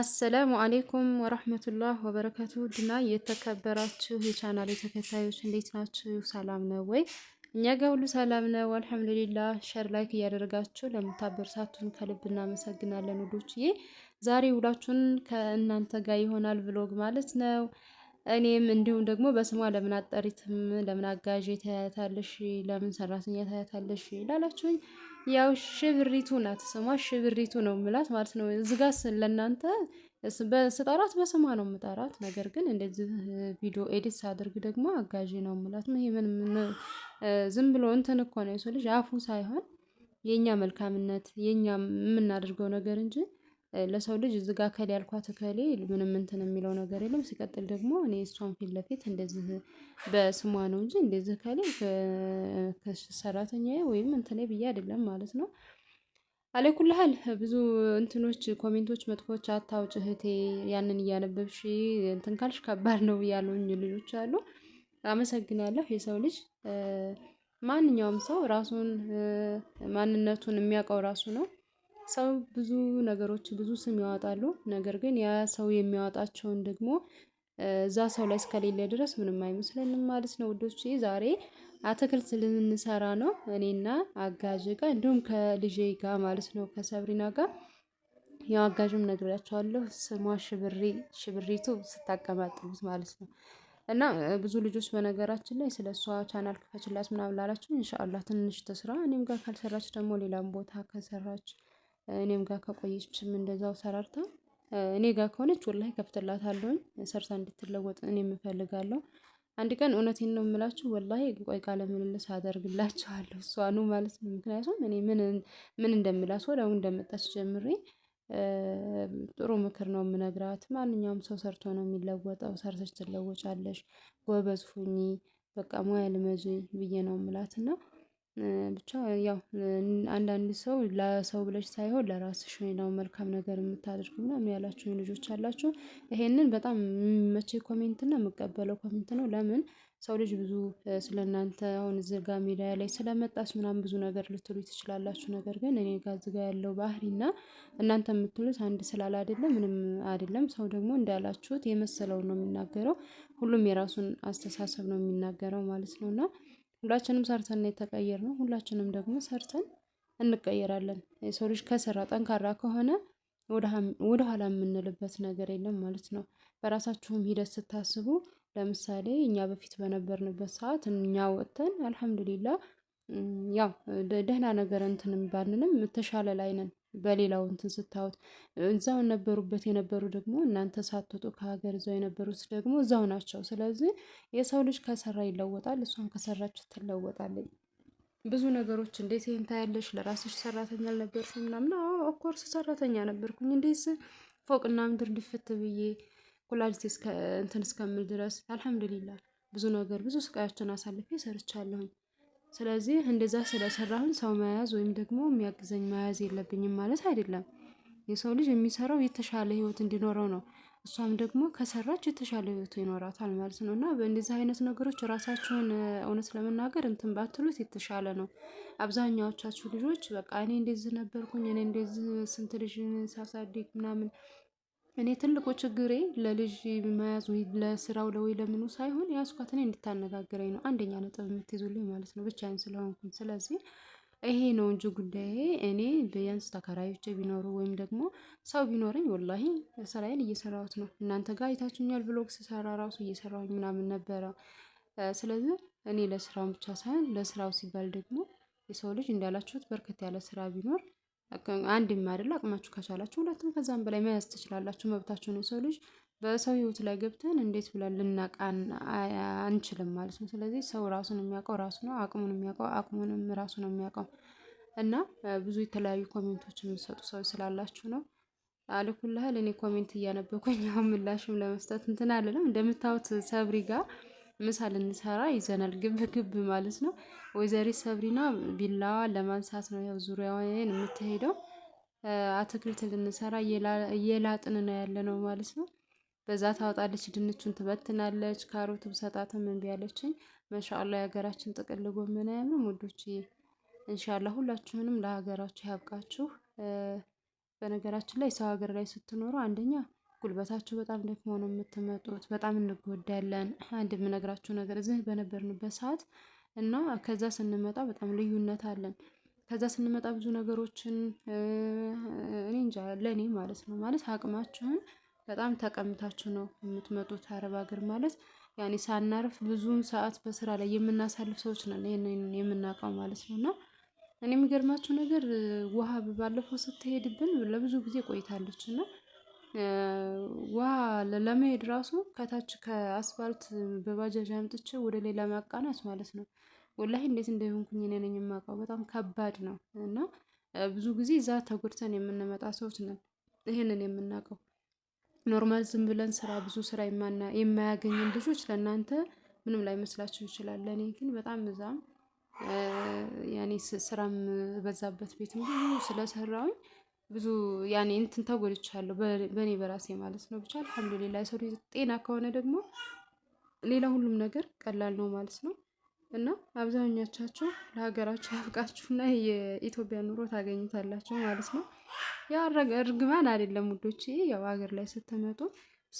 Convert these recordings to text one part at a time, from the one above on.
አሰላሙ አሌይኩም ወረህመቱላህ ወበረከቱ ድና የተከበራችሁ የቻናል ተከታዮች እንዴት ናችሁ? ሰላም ነው ወይ? እኛ ጋር ሁሉ ሰላም ነው አልሐምዱሊላ ሸር ላይክ እያደረጋችሁ ለምታበረታቱን ከልብ እናመሰግናለን ውዶችዬ። ዛሬ ውላችሁን ከእናንተ ጋር ይሆናል ብሎግ ማለት ነው። እኔም እንዲሁም ደግሞ በስሟ ለምን አጠሪትም ለምን አጋዥ ታያታለሽ፣ ለምን ሰራተኛ ታያታለሽ ላላችሁኝ ያው ሽብሪቱ ናት። ስሟ ሽብሪቱ ነው ምላት ማለት ነው። እዚጋስ ለእናንተ ስጠራት በስሟ ነው የምጠራት። ነገር ግን እንደዚህ ቪዲዮ ኤዲት ሳደርግ ደግሞ አጋዥ ነው ምላት ነው። ይሄ ምን ዝም ብሎ እንትን እኮ ነው የሰው ልጅ አፉ ሳይሆን የእኛ መልካምነት የእኛ የምናደርገው ነገር እንጂ ለሰው ልጅ እዚህ ጋር እከሌ ያልኳት ምንም እንትን የሚለው ነገር የለም። ሲቀጥል ደግሞ እኔ እሷን ፊት ለፊት እንደዚህ በስሟ ነው እንጂ እንደዚህ ከሌ ከሰራተኛ ወይም እንትን ብዬ አይደለም ማለት ነው። አለይኩልሃል ብዙ እንትኖች ኮሜንቶች መጥፎች አታውጭ እህቴ፣ ያንን እያነበብሽ እንትን ካልሽ ከባድ ነው ያሉኝ ልጆች አሉ። አመሰግናለሁ። የሰው ልጅ ማንኛውም ሰው ራሱን ማንነቱን የሚያውቀው ራሱ ነው። ሰው ብዙ ነገሮች ብዙ ስም ያወጣሉ። ነገር ግን ያ ሰው የሚያወጣቸውን ደግሞ እዛ ሰው ላይ እስከሌለ ድረስ ምንም አይመስለንም ማለት ነው ውዶች። ዛሬ አትክልት ልንሰራ ነው እኔና አጋዥ ጋር እንዲሁም ከልጄ ጋር ማለት ነው ከሰብሪና ጋር ያው አጋዥም ነግሬያቸዋለሁ። ስሟ ሽብሪ ሽብሪቱ ስታቀማጥሉት ማለት ነው። እና ብዙ ልጆች በነገራችን ላይ ስለ እሷ ቻናል ክፈችላት ምናምን ላላችሁ፣ እንሻአላ ትንሽ ትስራ። እኔም ጋር ካልሰራች ደግሞ ሌላም ቦታ ከሰራች እኔም ጋር ከቆየችም እንደዛው ሰራርታ እኔ ጋር ከሆነች ወላሂ ከፍትላታለሁኝ ሰርታ እንድትለወጥ እኔ የምፈልጋለሁ። አንድ ቀን እውነቴን ነው የምላችሁ ወላሂ ቆይ ቃለ ምልልስ አደርግላችኋለሁ እሷኑ ማለት ነው። ምክንያቱም እኔ ምን እንደምላት እንደምላት ወዲያው እንደመጣች ጀምሬ ጥሩ ምክር ነው የምነግራት። ማንኛውም ሰው ሰርቶ ነው የሚለወጠው ሰርተች ትለወጫለሽ ጎበዝ ሁኚ በቃ ሙያ ልመጂ ብዬ ነው የምላት እና ብቻ ያው አንዳንድ ሰው ለሰው ብለሽ ሳይሆን ለራስሽ ነው መልካም ነገር የምታደርግ ምናምን ያላችሁ ልጆች አላችሁ። ይሄንን በጣም የሚመቸኝ ኮሜንት እና የምቀበለው ኮሜንት ነው። ለምን ሰው ልጅ ብዙ ስለእናንተ አሁን ዝጋ ሚዲያ ላይ ስለመጣች ምናምን ብዙ ነገር ልትሉ ትችላላችሁ። ነገር ግን እኔ ጋር ዝጋ ያለው ባህሪ እና እናንተ የምትሉት አንድ ስላለ አይደለም ምንም አይደለም። ሰው ደግሞ እንዳላችሁት የመሰለውን ነው የሚናገረው። ሁሉም የራሱን አስተሳሰብ ነው የሚናገረው ማለት ነው። እና ሁላችንም ሰርተን ነው ሁላችንም ደግሞ ሰርተን እንቀየራለን። የሰው ልጅ ጠንካራ ከሆነ ወደ ኋላ የምንልበት ነገር የለም ማለት ነው። በራሳችሁም ሂደት ስታስቡ ለምሳሌ እኛ በፊት በነበርንበት ሰዓት እኛ ወጥተን አልሐምዱሊላ ያው ደህና ነገር እንትን ባንንም የተሻለ ላይ ነን። በሌላው እንትን ስታዩት እዛው ነበሩበት የነበሩ ደግሞ እናንተ ሳትወጡ ከሀገር እዛው የነበሩት ደግሞ እዛው ናቸው። ስለዚህ የሰው ልጅ ከሰራ ይለወጣል፣ እሷም ከሰራች ትለወጣለች። ብዙ ነገሮች እንዴት ይህን ታያለሽ? ለራስሽ ሰራተኛ አልነበርሽ ምናምን። ኦፍኮርስ ሰራተኛ ነበርኩኝ። እንዴት ፎቅና ምድር ድፍት ብዬ ኮላጅ እንትን እስከምል ድረስ አልሐምዱሊላ ብዙ ነገር ብዙ ስቃዮችን አሳልፌ ሰርቻለሁኝ። ስለዚህ እንደዛ ስለሰራሁን ሰው መያዝ ወይም ደግሞ የሚያግዘኝ መያዝ የለብኝም ማለት አይደለም። የሰው ልጅ የሚሰራው የተሻለ ህይወት እንዲኖረው ነው። እሷም ደግሞ ከሰራች የተሻለ ህይወት ይኖራታል ማለት ነው። እና በእንደዚህ አይነት ነገሮች ራሳችሁን እውነት ለመናገር እንትን ባትሉት የተሻለ ነው። አብዛኛዎቻችሁ ልጆች በቃ እኔ እንደዚህ ነበርኩኝ፣ እኔ እንደዚህ ስንት ልጅ ሳሳድግ ምናምን እኔ ትልቁ ችግሬ ለልጅ መያዝ ወይ ለስራው ለወይ ለምኑ ሳይሆን የያዝኳት እኔ እንድታነጋግረኝ ነው። አንደኛ ነጥብ የምትይዙልኝ ማለት ነው፣ ብቻዬን ስለሆንኩኝ። ስለዚህ ይሄ ነው እንጂ ጉዳዬ እኔ ቢያንስ ተከራዮቼ ቢኖሩ ወይም ደግሞ ሰው ቢኖረኝ ወላሂ ስራዬን እየሰራሁት ነው። እናንተ ጋር አይታችሁኛል፣ ብሎግ ስሰራ ራሱ እየሰራሁኝ ምናምን ነበረ። ስለዚህ እኔ ለስራውን ብቻ ሳይሆን ለስራው ሲባል ደግሞ የሰው ልጅ እንዳላችሁት በርከት ያለ ስራ ቢኖር አንድ አይደለ አቅማችሁ ከቻላችሁ ሁለትም ከዛም በላይ መያዝ ትችላላችሁ። መብታችሁን የሰው ልጅ በሰው ህይወት ላይ ገብተን እንዴት ብለን ልናቃን አንችልም ማለት ነው። ስለዚህ ሰው ራሱን የሚያውቀው ራሱ ነው፣ አቅሙን የሚያውቀው አቅሙንም ራሱ ነው የሚያውቀው እና ብዙ የተለያዩ ኮሜንቶች የሚሰጡ ሰዎች ስላላችሁ ነው። አልኩልህል እኔ ኮሜንት እያነበኩኝ አሁን ምላሽም ለመስጠት እንትን አለለም እንደምታዩት ሰብሪ ጋር ምሳ ልንሰራ ይዘናል። ግብ ግብ ማለት ነው። ወይዘሪት ሰብሪና ቢላዋ ለማንሳት ነው ያው ዙሪያውን የምትሄደው። አትክልት ልንሰራ እየላጥን ነው ያለ ነው ማለት ነው። በዛ ታወጣለች፣ ድንቹን ትበትናለች፣ ካሮት ብሰጣትም እምቢ አለችኝ። መሻአላ የሀገራችን ጥቅል ጎመን አያምርም ውዶች? እንሻላ ሁላችሁንም ለሀገራችሁ ያብቃችሁ። በነገራችን ላይ ሰው ሀገር ላይ ስትኖሩ አንደኛ ጉልበታችሁ በጣም ደክሞ ነው የምትመጡት። በጣም እንጎዳለን። አንድ የምነግራችሁ ነገር እዚህ በነበርንበት ሰዓት እና ከዛ ስንመጣ በጣም ልዩነት አለን። ከዛ ስንመጣ ብዙ ነገሮችን እኔ እንጃ ለእኔ ማለት ነው ማለት አቅማችሁን በጣም ተቀምታችሁ ነው የምትመጡት። አረብ ሀገር ማለት ያኔ ሳናርፍ ብዙውን ሰዓት በስራ ላይ የምናሳልፍ ሰዎች ነን። ይህንን የምናውቀው ማለት ነው እና እኔ የሚገርማችሁ ነገር ውሃ ባለፈው ስትሄድብን ለብዙ ጊዜ ቆይታለች እና ውሃ ለመሄድ ራሱ ከታች ከአስፋልት በባጃጅ አምጥቼ ወደ ሌላ ማቃናት ማለት ነው። ወላሂ እንዴት እንደሆንኩኝ እኔ ነኝ የማውቀው። በጣም ከባድ ነው እና ብዙ ጊዜ እዛ ተጎድተን የምንመጣ ሰዎች ነን። ይሄንን የምናውቀው ኖርማል ዝም ብለን ስራ ብዙ ስራ የማያገኝን ልጆች ለእናንተ ምንም ላይመስላችሁ ይችላል። ለእኔ ግን በጣም እዛም ያኔ ስራም በዛበት ቤት ብዙ ስለሰራውኝ ብዙ ያኔ እንትን ተጎድቻለሁ በእኔ በራሴ ማለት ነው። ብቻ አልሐምዱሊላ የሰው ጤና ከሆነ ደግሞ ሌላ ሁሉም ነገር ቀላል ነው ማለት ነው። እና አብዛኞቻችሁ ለሀገራችሁ እና የኢትዮጵያ ኑሮ ታገኙታላችሁ ማለት ነው። ያ እርግማን አይደለም ውዶች፣ ያው ሀገር ላይ ስትመጡ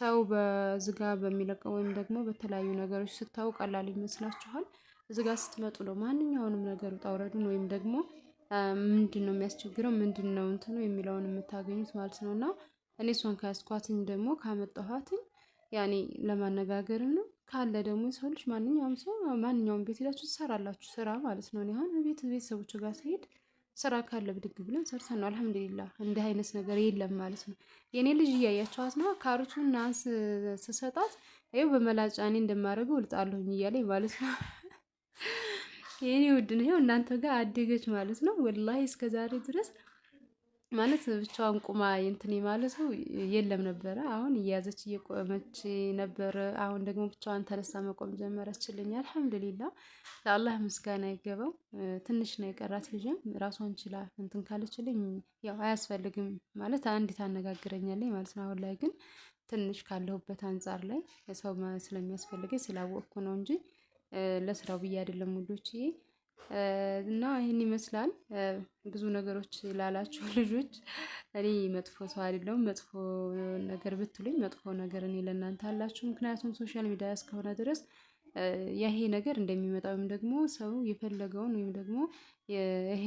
ሰው በዝጋ በሚለቀው ወይም ደግሞ በተለያዩ ነገሮች ስታው ቀላል ይመስላችኋል። ዝጋ ስትመጡ ነው ማንኛውንም ነገር ውጣ ወይም ደግሞ ምንድን ነው የሚያስቸግረው ምንድን ነው እንትኑ የሚለውን የምታገኙት ማለት ነው። እና እኔ እሷን ከያዝኳትኝ ደግሞ ካመጣኋትኝ ያኔ ለማነጋገር ነው ካለ ደግሞ የሰው ልጅ ማንኛውም ሰው ማንኛውም ቤት ሄዳችሁ ትሰራላችሁ ስራ ማለት ነው። አሁን ቤት ቤተሰቦች ጋር ሲሄድ ስራ ካለ ብድግ ብለን ሰርተን ነው። አልሐምዱሊላ እንዲህ አይነት ነገር የለም ማለት ነው። የእኔ ልጅ እያያቸዋት ነው። ካሩቱ ናንስ ስሰጣት ይኸው በመላጫ እኔ እንደማደርገው እልጣለሁኝ እያለኝ ማለት ነው። የኔ ውድ ነው። ይኸው እናንተ ጋር አደገች ማለት ነው። ወላሂ እስከ ዛሬ ድረስ ማለት ብቻዋን ቁማ እንትን ማለት ነው የለም ነበረ። አሁን እየያዘች እየቆመች ነበረ። አሁን ደግሞ ብቻዋን ተነሳ መቆም ጀመረችልኝ። አልሐምዱሊላ ለአላህ ምስጋና ይገባው። ትንሽ ነው የቀራት ልጅም ራሷን ችላ እንትን ካለችልኝ ያው አያስፈልግም ማለት አንዲት አነጋግረኛለኝ ማለት ነው። አሁን ላይ ግን ትንሽ ካለሁበት አንጻር ላይ ሰው ስለሚያስፈልገኝ ስላወቅኩ ነው እንጂ ለስራው ብዬ አይደለም ውዶች እና ይህን ይመስላል። ብዙ ነገሮች ላላችሁ ልጆች እኔ መጥፎ ሰው አይደለሁም። መጥፎ ነገር ብትሉኝ መጥፎ ነገር እኔ ለእናንተ አላችሁ። ምክንያቱም ሶሻል ሚዲያ እስከሆነ ድረስ ይሄ ነገር እንደሚመጣ ወይም ደግሞ ሰው የፈለገውን ወይም ደግሞ ይሄ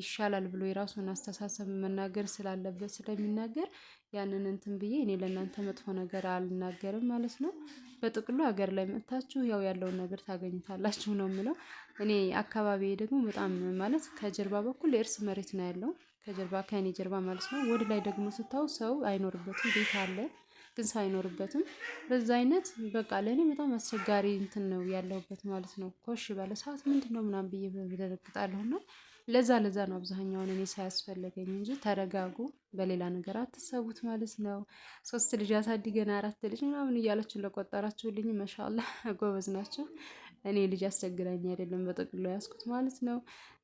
ይሻላል ብሎ የራሱን አስተሳሰብ መናገር ስላለበት ስለሚናገር ያንን እንትን ብዬ እኔ ለእናንተ መጥፎ ነገር አልናገርም ማለት ነው። በጥቅሉ ሀገር ላይ መጥታችሁ ያው ያለውን ነገር ታገኙታላችሁ ነው የምለው። እኔ አካባቢ ደግሞ በጣም ማለት ከጀርባ በኩል የእርስ መሬት ነው ያለው፣ ከጀርባ ከእኔ ጀርባ ማለት ነው። ወደ ላይ ደግሞ ስታው ሰው አይኖርበትም፣ ቤት አለ ግን ሰው አይኖርበትም። በዛ አይነት በቃ ለእኔ በጣም አስቸጋሪ እንትን ነው ያለሁበት ማለት ነው። ኮሽ ባለ ሰዓት ምንድን ነው ምናምን ብዬ ደረግጣለሁና ለዛ ለዛ ነው አብዛኛውን እኔ ሳያስፈለገኝ እንጂ ተረጋጉ፣ በሌላ ነገር አትሰቡት ማለት ነው። ሶስት ልጅ አሳድገን አራት ልጅ ምናምን እያላችሁ ለቆጠራችሁልኝ መሻላ ጎበዝ ናቸው። እኔ ልጅ አስቸግራኝ አይደለም በጠቅሎ ያስኩት ማለት ነው።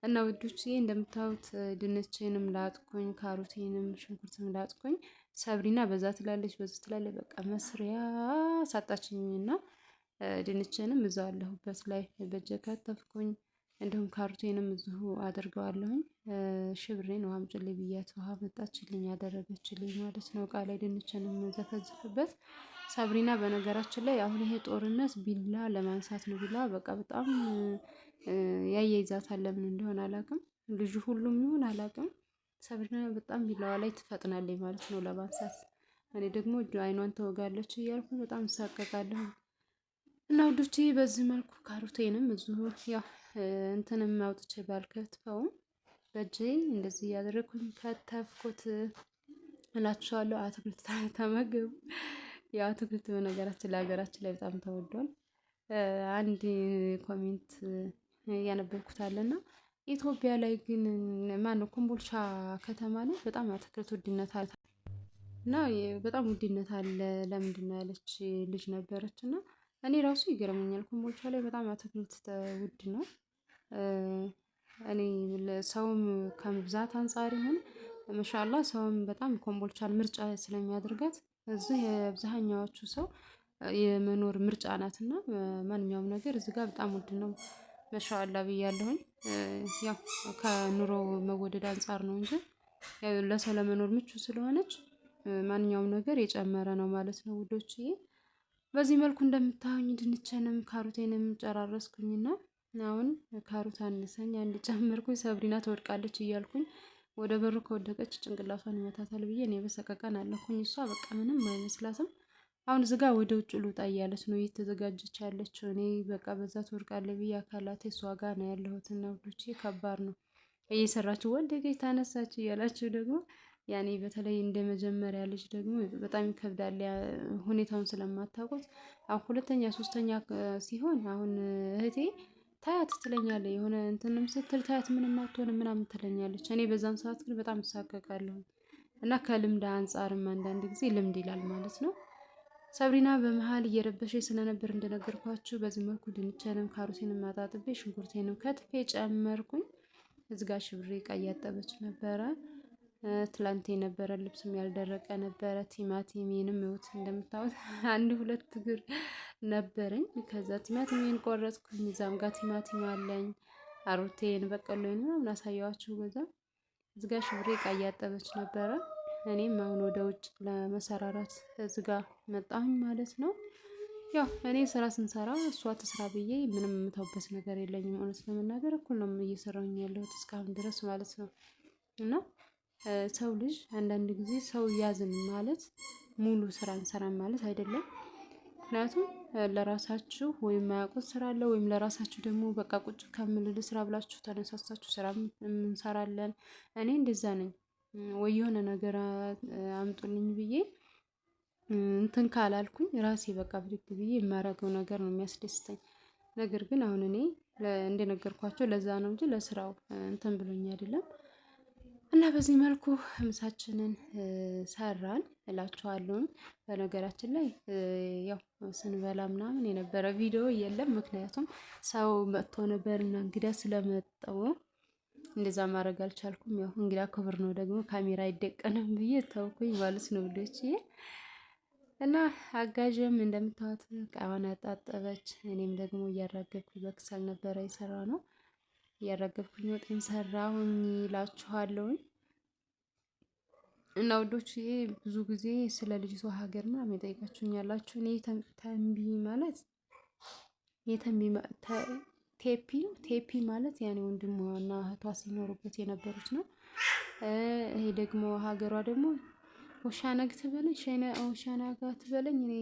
እና ውዶች ይሄ እንደምታዩት ድንችንም ላጥኩኝ፣ ካሮቴንም ሽንኩርትም ላጥኩኝ። ሰብሪና በዛ ትላለች በዛ ትላለች። በቃ መስሪያ ሳጣችኝና ድንችንም እዛ አለሁበት ላይ በእጀ ከተፍኩኝ እንዲሁም ካርቶንም እዚሁ አድርገዋለሁኝ። ሽብሬን ውሃ አምጪልኝ ብያት ውሃ መጣችልኝ ያደረገችልኝ ማለት ነው። እቃ ላይ ድንችን የምዘፈዝፍበት ሳብሪና፣ በነገራችን ላይ አሁን ይሄ ጦርነት ቢላ ለማንሳት ነው። ቢላ በቃ በጣም ያየ ያያይዛታል። ለምን እንደሆነ አላውቅም። ልጁ ሁሉም ይሁን አላውቅም። ሰብሪና በጣም ቢላዋ ላይ ትፈጥናለች ማለት ነው ለማንሳት። እኔ ደግሞ አይኗን ተወጋለች እያልኩ በጣም እሳቀቃለሁ። እና ውዶቼ በዚህ መልኩ ካሮቴንም እዚሁ ያው እንትንም አውጥቼ ባልከትፈውም በእጄ እንደዚህ እያደረግኩኝ ከተፍኩት እላችኋለሁ። አትክልት ተመገቡ። የአትክልት በነገራችን ለሀገራችን ላይ በጣም ተወዷል። አንድ ኮሜንት እያነበብኩታለና ኢትዮጵያ ላይ ግን ማነው ኮምቦልቻ ከተማ ላይ በጣም አትክልት ውድነት አለ እና በጣም ውድነት አለ ለምንድን ነው ያለች ልጅ ነበረች እና እኔ ራሱ ይገርመኛል ኮምቦልቻ ላይ በጣም አትክልት ውድ ነው። እኔ ሰውም ከመብዛት አንፃር ይሁን ማሻአላ ሰውም በጣም ኮምቦልቻን ምርጫ ስለሚያደርጋት እዚህ የአብዛኛዎቹ ሰው የመኖር ምርጫ ናትና ማንኛውም ነገር እዚህ ጋር በጣም ውድ ነው። ማሻአላ ብያለሁኝ ያው ከኑሮ መወደድ አንፃር ነው እንጂ ለሰው ለመኖር ምቹ ስለሆነች ማንኛውም ነገር የጨመረ ነው ማለት ነው ውዶችዬ በዚህ መልኩ እንደምታዩኝ ድንቼንም ካሮቴንም ጨራረስኩኝና አሁን ካሮት አነሰኝ አንድ ጨምርኩኝ። ሰብሪና ትወድቃለች እያልኩኝ ወደ በሩ ከወደቀች ጭንቅላቷን ይመታታል ብዬ እኔ በሰቀቀን አለኩኝ። እሷ በቃ ምንም አይመስላትም። አሁን ዝጋ ወደ ውጭ ልውጣ እያለች ነው እየተዘጋጀች ያለችው። እኔ በቃ በዛ ትወድቃለች ብዬ አካላት እሷ ጋር ነው ያለሁትና ውዶቼ ከባድ ነው እየሰራችሁ ወደ ጌታ ተነሳችሁ እያላችሁ ደግሞ ያኔ በተለይ እንደ መጀመሪያ ልጅ ደግሞ በጣም ይከብዳል። ሁኔታውን ስለማታውቁት አሁን ሁለተኛ ሶስተኛ ሲሆን አሁን እህቴ ታያት ትለኛለ የሆነ እንትንም ስትል ታያት ምንም አትሆንም ምናምን ትለኛለች። እኔ በዛን ሰዓት ግን በጣም እሳቀቃለሁ እና ከልምድ አንጻርም አንዳንድ ጊዜ ልምድ ይላል ማለት ነው። ሰብሪና በመሀል እየረበሸ ስለነበር እንደነገርኳችሁ በዚህ መልኩ ድንቼንም ካሮቴንም አጣጥቤ ሽንኩርቴንም ከትፌ ጨመርኩኝ። እዚጋ ሽብሬ እያጠበች ነበረ። ትላንት የነበረ ልብስም ያልደረቀ ነበረ። ቲማቲሜንም ይኸውት እንደምታዩት አንድ ሁለት እግር ነበረኝ። ከዛ ቲማቲሜን ቆረጥኩኝ። እዛም ጋር ቲማቲም አለኝ። አሮቴን በቀሎ ምናምን አሳየዋችሁ። በዛ እዚጋ ሽብሬ ዕቃ እያጠበች ነበረ። እኔም አሁን ወደ ውጭ ለመሰራራት እዚጋ መጣሁኝ ማለት ነው። ያው እኔ ስራ ስንሰራ እሷ ትስራ ብዬ ምንም የምታውበት ነገር የለኝም። እውነት ለመናገር እኩል ነው እየሰራሁኝ ያለሁት እስካሁን ድረስ ማለት ነው እና ሰው ልጅ አንዳንድ ጊዜ ሰው ያዝን ማለት ሙሉ ስራ እንሰራን ማለት አይደለም። ምክንያቱም ለራሳችሁ ወይም ማያውቁት ስራ አለ ወይም ለራሳችሁ ደግሞ በቃ ቁጭ ከምልል ስራ ብላችሁ ተነሳሳችሁ ስራ እንሰራለን። እኔ እንደዛ ነኝ። ወይ የሆነ ነገር አምጡልኝ ብዬ እንትን ካላልኩኝ ራሴ በቃ ብድግ ብዬ የማያረገው ነገር ነው የሚያስደስተኝ። ነገር ግን አሁን እኔ እንደነገርኳቸው ለዛ ነው እንጂ ለስራው እንትን ብሎኝ አይደለም እና በዚህ መልኩ ምሳችንን ሰራን እላችኋለሁ። በነገራችን ላይ ያው ስንበላ ምናምን የነበረ ቪዲዮ የለም፣ ምክንያቱም ሰው መጥቶ ነበር እና እንግዳ ስለመጠው እንደዛ ማድረግ አልቻልኩም። ያው እንግዳ ክብር ነው ደግሞ ካሜራ አይደቀንም ብዬ ታውኩኝ ማለት ነው ልጆች እና አጋዥም እንደምታዩት እቃዋን አጣጠበች። እኔም ደግሞ እያራገብኩ በክሰል ነበረ የሰራ ነው። እያራገብኩኝ ወጤን ሰራሁኝ እላችኋለሁኝ። እና ውዶች ይሄ ብዙ ጊዜ ስለ ልጅ ሰው ሀገር ምናምን የጠይቃችሁኝ ያላችሁ እኔ ተንቢ ማለት የተንቢ ቴፒ ቴፒ ማለት ያኔ ወንድሟ እና እህቷ ሲኖሩበት የነበሩት ነው። ይሄ ደግሞ ሀገሯ ደግሞ ኦሻነግ ትበለኝ ኦሻናጋ ትበለኝ እኔ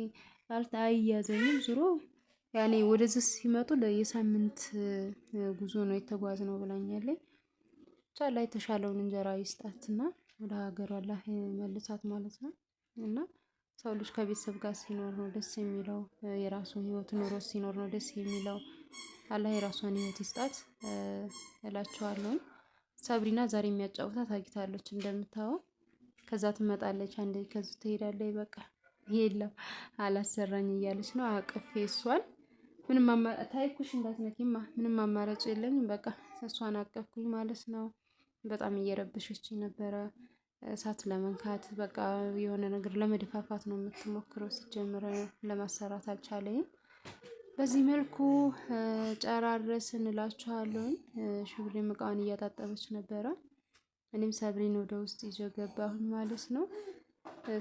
አልት አይያዘኝም ዙሮ ያኔ ወደዚህ ሲመጡ የሳምንት ጉዞ ነው የተጓዝ ነው ብላኛለኝ። ብቻ ላይ የተሻለውን እንጀራ ይስጣትና ወደ ሀገሯ አላህ መልሳት ማለት ነው። እና ሰው ልጅ ከቤተሰብ ጋር ሲኖር ነው ደስ የሚለው። የራሱን ህይወት ኑሮ ሲኖር ነው ደስ የሚለው። አላህ የራሷን ህይወት ይስጣት እላቸዋለሁኝ። ሰብሪና ዛሬ የሚያጫውታት ታጊታለች እንደምታወ ከዛ ትመጣለች፣ አንዴ ከዚ ትሄዳለች። በቃ የለም አላሰራኝ እያለች ነው አቅፌ እሷን ምንም አማራጭ ታይኩሽ እንዳትነኪማ ምንም አማራጭ የለኝም። በቃ እሷን አቀፍኩኝ ማለት ነው። በጣም እየረበሸች ነበረ። እሳት ለመንካት በቃ የሆነ ነገር ለመደፋፋት ነው የምትሞክረው። ሲጀምር ለማሰራት አልቻለኝም። በዚህ መልኩ ጨራረስ እንላችኋለሁኝ። ሽብሬ እቃዋን እያጣጠበች ነበረ። እኔም ሰብሪን ወደ ውስጥ ይዤ ገባሁኝ ማለት ነው።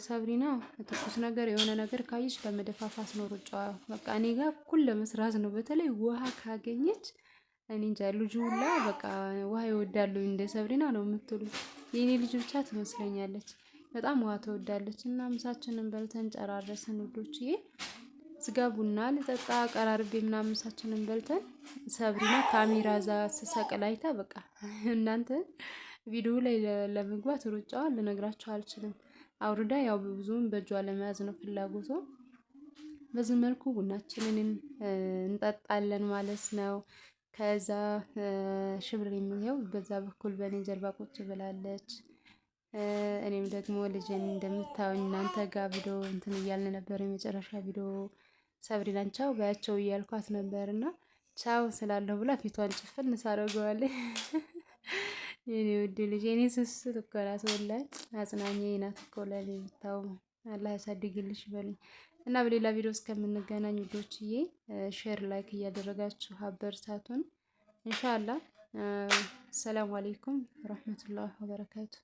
ሰብሪና ትኩስ ነገር የሆነ ነገር ካየች ለመደፋፋስ ነው ሩጫዋ። በቃ እኔ ጋር እኩል ለመስራት ነው። በተለይ ውሃ ካገኘች እኔ እንጃ ልጁ ሁላ በቃ ውሃ ይወዳሉ እንደ ሰብሪና ነው የምትሉ። የእኔ ልጅ ብቻ ትመስለኛለች፣ በጣም ውሃ ትወዳለች። እና ምሳችንን በልተን ጨራረስን ውዶችዬ። ስጋ ቡና ልጠጣ አቀራርቤ ምናምን ምሳችንን በልተን ሰብሪና ካሜራ ዛ ስሰቅላይታ በቃ እናንተ ቪዲዮ ላይ ለመግባት ሩጫዋን ልነግራችሁ አልችልም። አውርዳ ያው ብዙውን በእጇ ለመያዝ ነው ፍላጎቷ። በዚህ መልኩ ቡናችንን እንጠጣለን ማለት ነው። ከዛ ሽብር የሚሄው በዛ በኩል በእኔ ጀርባ ቁጭ ብላለች። እኔም ደግሞ ልጅን እንደምታዩኝ እናንተ ጋር ቪዲዮ እንትን እያልን ነበር። የመጨረሻ ቪዲዮ ሰብሪናን ቻው በያቸው እያልኳት ነበር እና ቻው ስላለሁ ብላ ፊቷን ጭፍን ሳረገዋለች። የኔ ውድ ልጅ የኔ ስስት እኮ ናት ወላሂ አጽናኝ ናት እኮ ለኔ ብታው አላህ ያሳድግልሽ በሉኝ እና በሌላ ቪዲዮ እስከምንገናኝ ውዶችዬ ሼር ላይክ እያደረጋችሁ አበርታቱን። ኢንሻአላህ። ሰላም አለይኩም ወራህመቱላሂ ወበረካቱሁ።